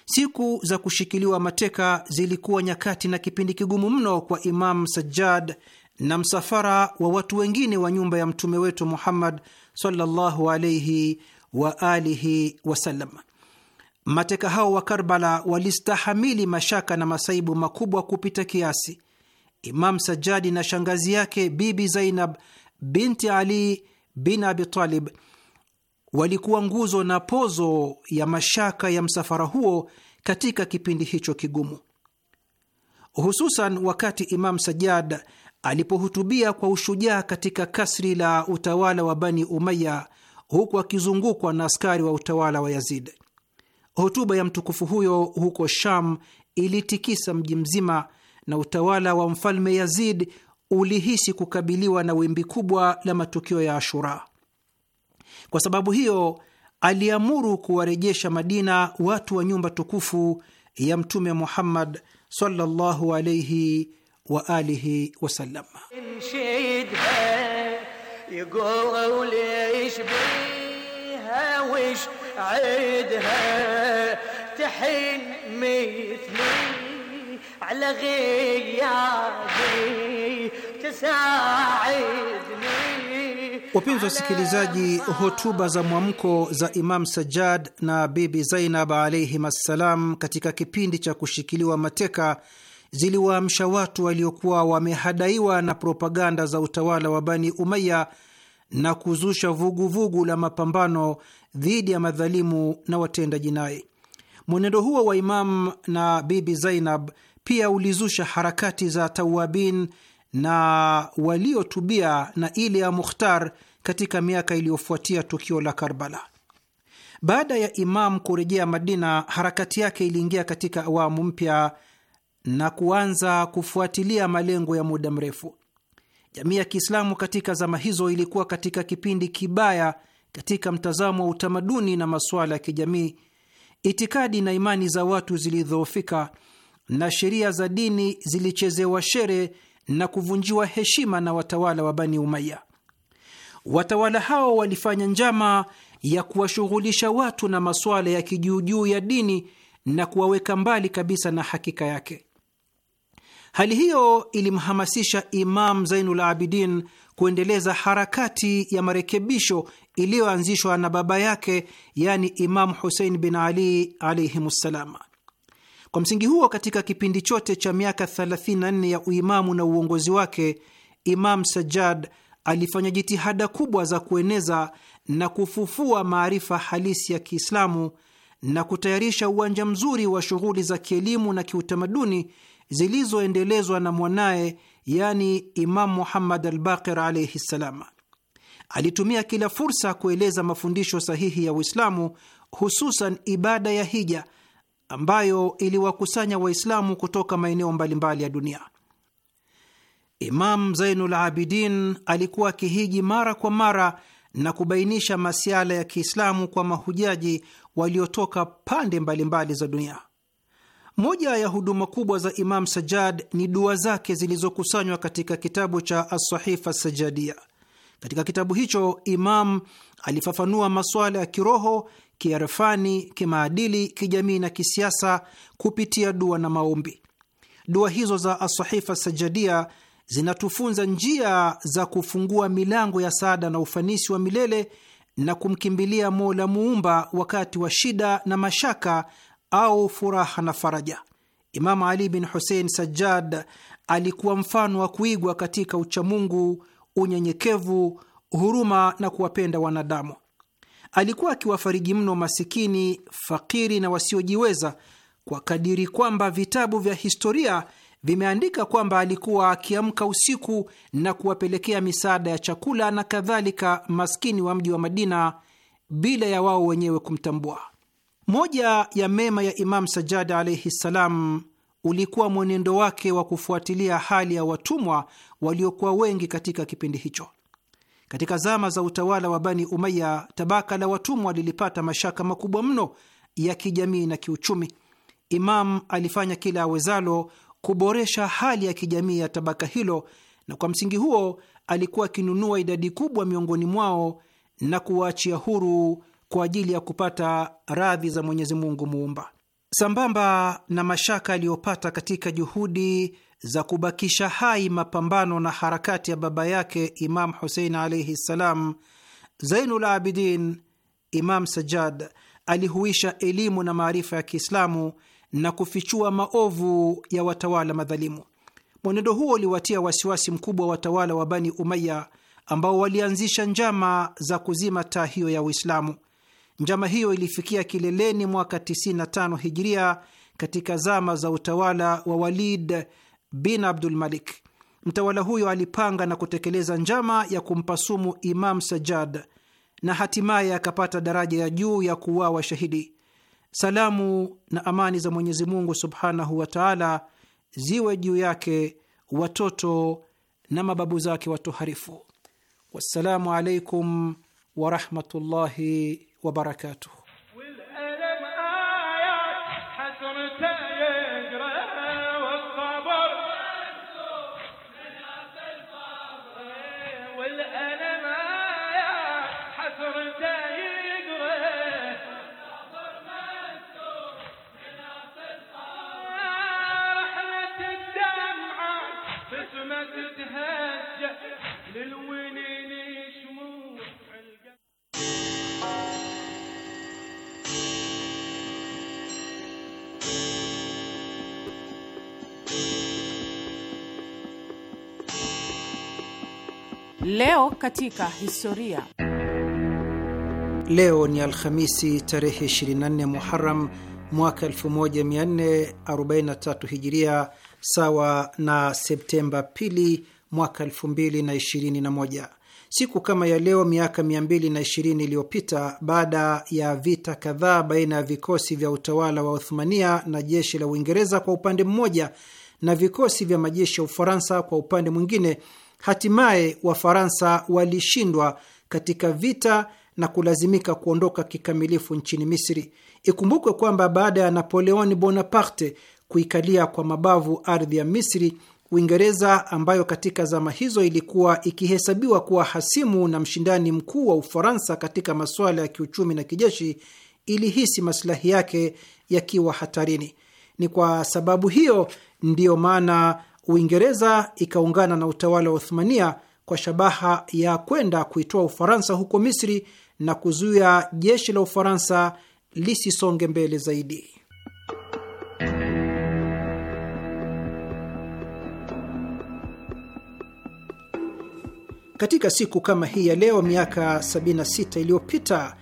Siku za kushikiliwa mateka zilikuwa nyakati na kipindi kigumu mno kwa Imamu Sajjad na msafara wa watu wengine wa nyumba ya mtume wetu Muhammad sallallahu alaihi wa alihi wasallam. Mateka hao wa Karbala walistahamili mashaka na masaibu makubwa kupita kiasi. Imam sajadi na shangazi yake Bibi Zainab binti Ali bin Abi Talib walikuwa nguzo na pozo ya mashaka ya msafara huo katika kipindi hicho kigumu, hususan wakati Imam sajad alipohutubia kwa ushujaa katika kasri la utawala wa Bani Umaya huku akizungukwa na askari wa utawala wa Yazid. Hotuba ya mtukufu huyo huko Sham ilitikisa mji mzima na utawala wa mfalme Yazid ulihisi kukabiliwa na wimbi kubwa la matukio ya Ashura. Kwa sababu hiyo, aliamuru kuwarejesha Madina watu wa nyumba tukufu ya Mtume Muhammad sallallahu alayhi wa alihi wasallam. Wapenzi wasikilizaji, hotuba za mwamko za Imam Sajjad na Bibi Zainab alaihim assalam katika kipindi cha kushikiliwa mateka ziliwaamsha watu waliokuwa wamehadaiwa na propaganda za utawala wa Bani Umaya na kuzusha vuguvugu vugu la mapambano dhidi ya madhalimu na watenda jinai. Mwenendo huo wa Imam na Bibi Zainab pia ulizusha harakati za tawabin na waliotubia na ile ya Mukhtar katika miaka iliyofuatia tukio la Karbala. Baada ya Imam kurejea Madina, harakati yake iliingia katika awamu mpya na kuanza kufuatilia malengo ya muda mrefu. Jamii ya Kiislamu katika zama hizo ilikuwa katika kipindi kibaya katika mtazamo wa utamaduni na masuala ya kijamii. Itikadi na imani za watu zilidhoofika na sheria za dini zilichezewa shere na kuvunjiwa heshima na watawala wa Bani Umaya. Watawala hao walifanya njama ya kuwashughulisha watu na masuala ya kijuujuu ya dini na kuwaweka mbali kabisa na hakika yake. Hali hiyo ilimhamasisha Imam Zainul Abidin kuendeleza harakati ya marekebisho iliyoanzishwa na baba yake, yani Imamu Husein bin Ali alaihimussalam. Kwa msingi huo, katika kipindi chote cha miaka 34 ya uimamu na uongozi wake, Imam Sajjad alifanya jitihada kubwa za kueneza na kufufua maarifa halisi ya Kiislamu na kutayarisha uwanja mzuri wa shughuli za kielimu na kiutamaduni zilizoendelezwa na mwanaye, yani Imam Muhammad Albaqir alaihi ssalam. Alitumia kila fursa kueleza mafundisho sahihi ya Uislamu, hususan ibada ya hija ambayo iliwakusanya Waislamu kutoka maeneo mbalimbali ya dunia. Imam Zainul Abidin alikuwa akihiji mara kwa mara na kubainisha masiala ya Kiislamu kwa mahujaji waliotoka pande mbalimbali za dunia. Moja ya huduma kubwa za Imam Sajjad ni dua zake zilizokusanywa katika kitabu cha Asahifa Sajadia. Katika kitabu hicho Imam alifafanua masuala ya kiroho, kiarfani, kimaadili, kijamii na kisiasa kupitia dua na maombi. Dua hizo za Asahifa Sajadia zinatufunza njia za kufungua milango ya saada na ufanisi wa milele na kumkimbilia Mola Muumba wakati wa shida na mashaka au furaha na faraja. Imamu Ali bin Husein Sajjad alikuwa mfano wa kuigwa katika uchamungu, unyenyekevu, huruma na kuwapenda wanadamu. Alikuwa akiwafariji mno masikini, fakiri na wasiojiweza kwa kadiri kwamba vitabu vya historia vimeandika kwamba alikuwa akiamka usiku na kuwapelekea misaada ya chakula na kadhalika maskini wa mji wa Madina bila ya wao wenyewe kumtambua. Moja ya mema ya Imam Sajjad alaihi ssalam ulikuwa mwenendo wake wa kufuatilia hali ya watumwa waliokuwa wengi katika kipindi hicho. Katika zama za utawala wa Bani Umaya, tabaka la watumwa lilipata mashaka makubwa mno ya kijamii na kiuchumi. Imam alifanya kila awezalo kuboresha hali ya kijamii ya tabaka hilo, na kwa msingi huo alikuwa akinunua idadi kubwa miongoni mwao na kuwaachia huru kwa ajili ya kupata radhi za Mwenyezi Mungu Muumba, sambamba na mashaka aliyopata katika juhudi za kubakisha hai mapambano na harakati ya baba yake Imam Husein alaihi ssalam. Zainul Abidin Imam Sajjad alihuisha elimu na maarifa ya Kiislamu na kufichua maovu ya watawala madhalimu. Mwenendo huo uliwatia wasiwasi mkubwa wa watawala wa Bani Umaya ambao walianzisha njama za kuzima taa hiyo ya Uislamu. Njama hiyo ilifikia kileleni mwaka 95 hijiria katika zama za utawala wa Walid bin Abdul Malik. Mtawala huyo alipanga na kutekeleza njama ya kumpa sumu Imam Sajjad na hatimaye akapata daraja ya juu ya kuuawa shahidi. Salamu na amani za Mwenyezi Mungu subhanahu wa taala ziwe juu yake, watoto na mababu zake watoharifu. Wassalamu alaikum warahmatullahi وبركاته Leo katika historia. Leo ni Alhamisi tarehe 24 Muharam mwaka 1443 Hijiria, sawa na Septemba 2 mwaka 2021. Siku kama ya leo miaka 220 iliyopita, baada ya vita kadhaa baina ya vikosi vya utawala wa Uthmania na jeshi la Uingereza kwa upande mmoja na vikosi vya majeshi ya Ufaransa kwa upande mwingine Hatimaye Wafaransa walishindwa katika vita na kulazimika kuondoka kikamilifu nchini Misri. Ikumbukwe kwamba baada ya Napoleon Bonaparte kuikalia kwa mabavu ardhi ya Misri, Uingereza ambayo katika zama hizo ilikuwa ikihesabiwa kuwa hasimu na mshindani mkuu wa Ufaransa katika masuala ya kiuchumi na kijeshi, ilihisi masilahi yake yakiwa hatarini. Ni kwa sababu hiyo ndiyo maana Uingereza ikaungana na utawala wa Uthmania kwa shabaha ya kwenda kuitoa Ufaransa huko Misri na kuzuia jeshi la Ufaransa lisisonge mbele zaidi. Katika siku kama hii ya leo miaka 76 iliyopita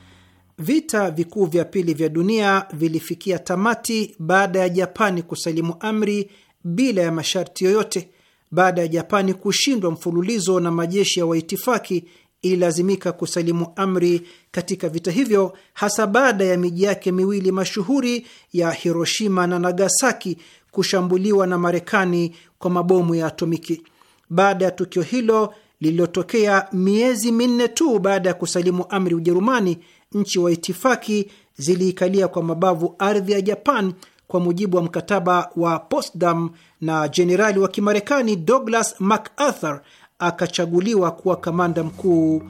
vita vikuu vya pili vya dunia vilifikia tamati baada ya Japani kusalimu amri bila ya masharti yoyote. Baada ya Japani kushindwa mfululizo na majeshi ya waitifaki, ililazimika kusalimu amri katika vita hivyo, hasa baada ya miji yake miwili mashuhuri ya Hiroshima na Nagasaki kushambuliwa na Marekani kwa mabomu ya atomiki. Baada ya tukio hilo lililotokea miezi minne tu baada ya kusalimu amri Ujerumani, nchi waitifaki ziliikalia kwa mabavu ardhi ya Japan kwa mujibu wa mkataba wa Potsdam, na jenerali wa Kimarekani Douglas MacArthur akachaguliwa kuwa kamanda mkuu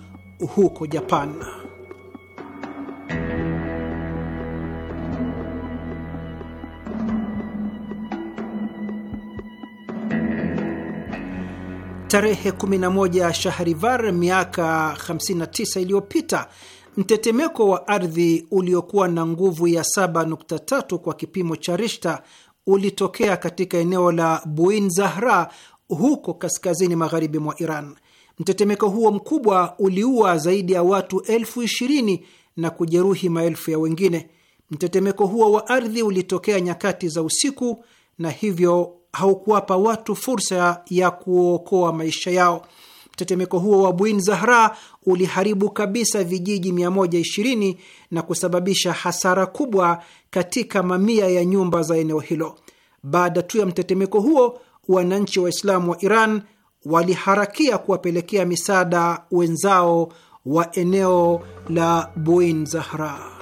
huko Japan. Tarehe 11 Shahrivar miaka 59 iliyopita Mtetemeko wa ardhi uliokuwa na nguvu ya 7.3 kwa kipimo cha Rishta ulitokea katika eneo la Buin Zahra huko kaskazini magharibi mwa Iran. Mtetemeko huo mkubwa uliua zaidi ya watu elfu ishirini na kujeruhi maelfu ya wengine. Mtetemeko huo wa ardhi ulitokea nyakati za usiku na hivyo haukuwapa watu fursa ya kuokoa maisha yao. Mtetemeko huo wa Buin Zahra uliharibu kabisa vijiji 120 na kusababisha hasara kubwa katika mamia ya nyumba za eneo hilo. Baada tu ya mtetemeko huo, wananchi Waislamu wa Iran waliharakia kuwapelekea misaada wenzao wa eneo la Buin Zahra.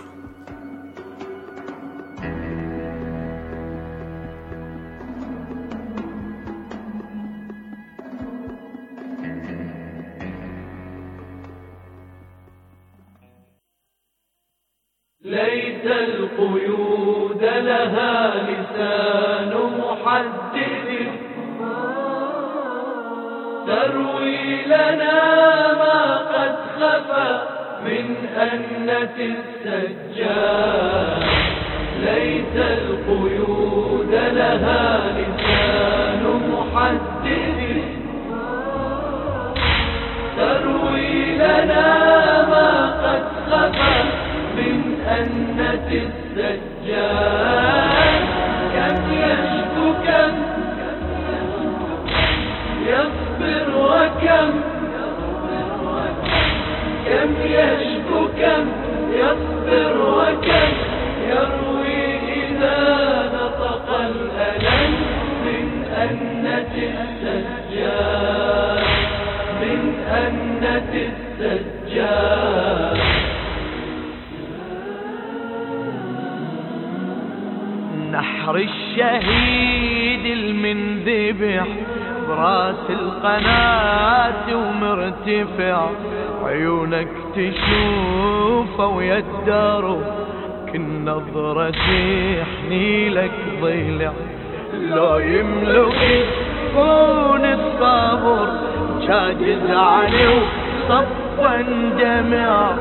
القيود لها لسان محدد تروي لنا ما قد خفى من أنة السجاد ليس القيود لها لسان محدد تروي لنا ما قد خفى من أنت السجاد كم يشكو كم يصبر وكم كم يشكو كم يصبر وكم يروي إذا نطق الألم من أنة السجاد من أنة السجاد بحر الشهيد المنذبح براس القناة ومرتفع عيونك تشوفه ويا الدار كل نظرة تحني لك ضلع لو يملك كون الصبر جاد علي وصفا دمع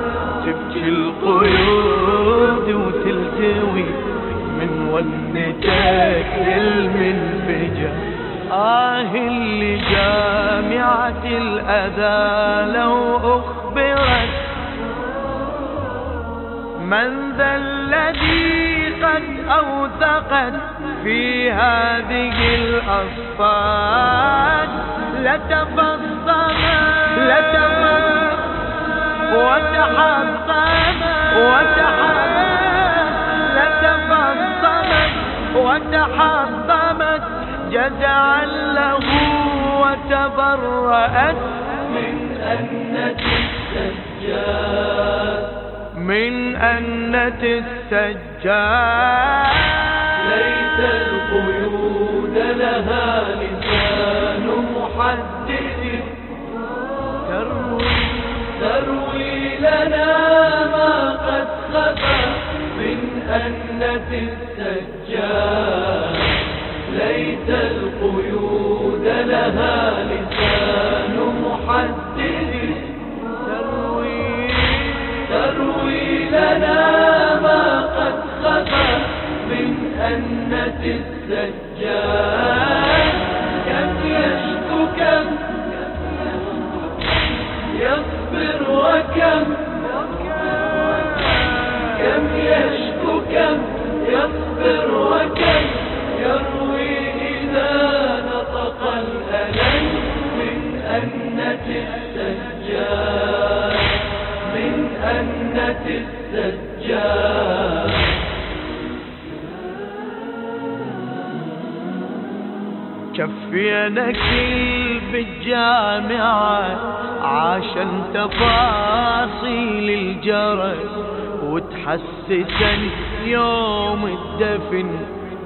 تبكي القيود وتلتوي سلم الفجا آه اللي جامعة الأذى لو أخبرت من ذا الذي قد أوثقت في هذه الأصفاد لتفضل لتفضل وتحقق وتحقق قد جزعا له وتبرأت من أنة السجاد من أنة السجاد ليس القيود لها لسان محدد تروي تروي لنا ما قد خفى أنت السجاد ليت القيود لها لسان محدد تروي تروي لنا ما قد خفى من أنة السجاد كم يشكو كم يصبر وكم كي يروي إذا نطق الألم من أنة السجاد من أنة السجاد كفينا كل بالجامعة عشان تفاصيل الجرس وتحسسني يوم الدفن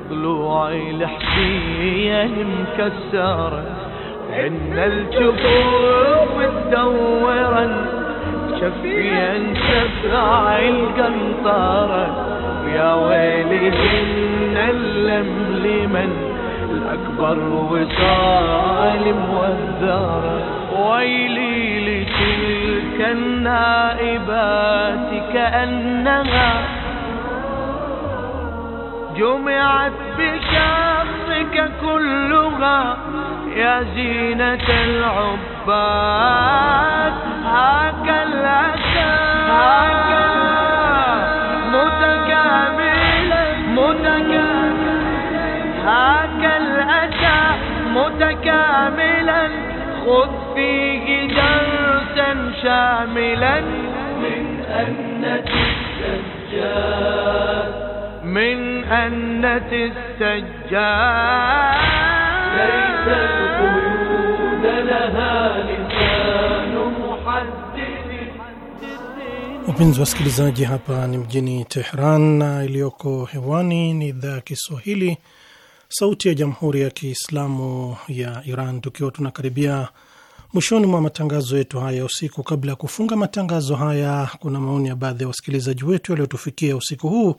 ضلوعي الحسين مكسرة عنا الجفوف تدورا شفيا شفاع القنطرة ويا ويلي اللم اللملمن الأكبر وصال موذرة ويلي لتلك النائبات كأنها جمعت بشرك كلها يا زينة العباد هاك الأسى هاك متكاملا متكاملا هاك الأسى متكاملا خذ فيه درسا شاملا من أنة الدجال من بأنة السجاد ليس القيود لها لسان محدد Wapenzi wasikilizaji, hapa ni mjini Tehran na iliyoko hewani ni idhaa ya Kiswahili sauti ya jamhuri ya Kiislamu ya Iran, tukiwa tunakaribia mwishoni mwa matangazo yetu haya usiku. Kabla ya kufunga matangazo haya, kuna maoni ya baadhi ya wasikilizaji wetu yaliyotufikia usiku huu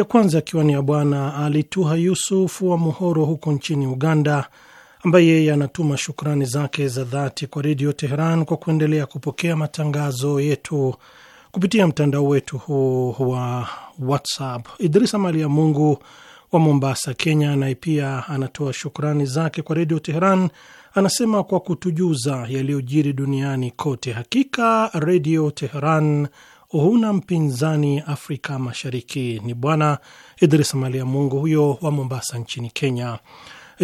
ya kwanza akiwa ni ya Bwana Alituha Yusuf wa Muhoro huko nchini Uganda, ambaye yeye anatuma shukrani zake za dhati kwa Redio Teheran kwa kuendelea kupokea matangazo yetu kupitia mtandao wetu huu wa WhatsApp. Idrisa Mali ya Mungu wa Mombasa, Kenya, naye pia anatoa shukrani zake kwa Redio Teheran. Anasema kwa kutujuza yaliyojiri duniani kote. Hakika Redio Teheran huna mpinzani Afrika Mashariki. Ni Bwana Idris Malia Mungu huyo wa Mombasa nchini Kenya.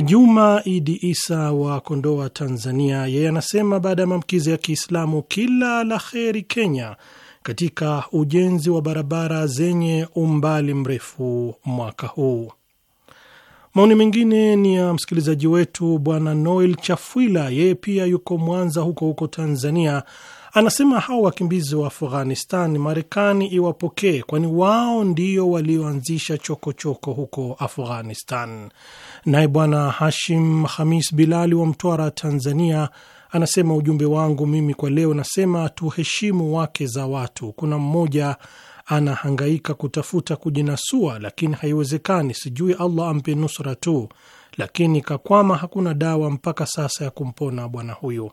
Juma Idi Isa wa Kondoa, Tanzania, yeye anasema baada ya maamkizi ya Kiislamu, kila la kheri Kenya katika ujenzi wa barabara zenye umbali mrefu mwaka huu. Maoni mengine ni ya msikilizaji wetu Bwana Noel Chafwila, yeye pia yuko Mwanza huko huko Tanzania, Anasema hao wakimbizi wa Afghanistan Marekani iwapokee, kwani wao ndio walioanzisha chokochoko huko Afghanistan. Naye Bwana Hashim Hamis Bilali wa Mtwara, Tanzania, anasema ujumbe wangu mimi kwa leo nasema tuheshimu wake za watu. Kuna mmoja anahangaika kutafuta kujinasua, lakini haiwezekani. Sijui Allah ampe nusra tu, lakini kakwama, hakuna dawa mpaka sasa ya kumpona bwana huyu.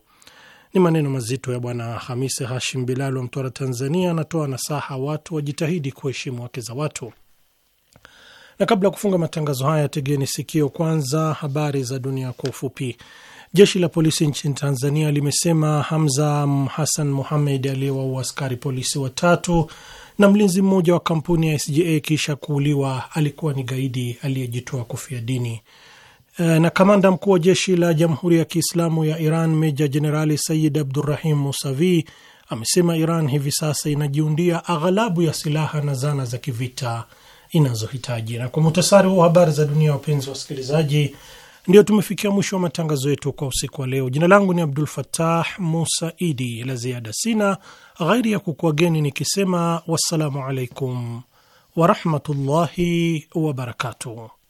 Ni maneno mazito ya Bwana Hamisi Hashim Bilal wa Mtwara, Tanzania. Anatoa nasaha watu wajitahidi kuheshimu wake za watu. Na kabla ya kufunga matangazo haya, tegeni sikio kwanza habari za dunia kwa ufupi. Jeshi la polisi nchini Tanzania limesema Hamza Hassan Muhamed aliyewaua askari polisi watatu na mlinzi mmoja wa kampuni ya SGA kisha kuuliwa alikuwa ni gaidi aliyejitoa kufia dini. Eh, na kamanda mkuu wa jeshi la Jamhuri ya Kiislamu ya Iran meja jenerali Sayid Abdurrahim Musavi amesema Iran hivi sasa inajiundia aghalabu ya silaha na zana za kivita inazohitaji. Na kwa muhtasari huu habari za dunia, wapenzi wa wasikilizaji, ndio tumefikia mwisho wa matangazo yetu kwa usiku wa leo. Jina langu ni Abdul Fatah Musa Idi. La ziada sina ghairi ya kukuageni nikisema wassalamu alaikum warahmatullahi wabarakatuh.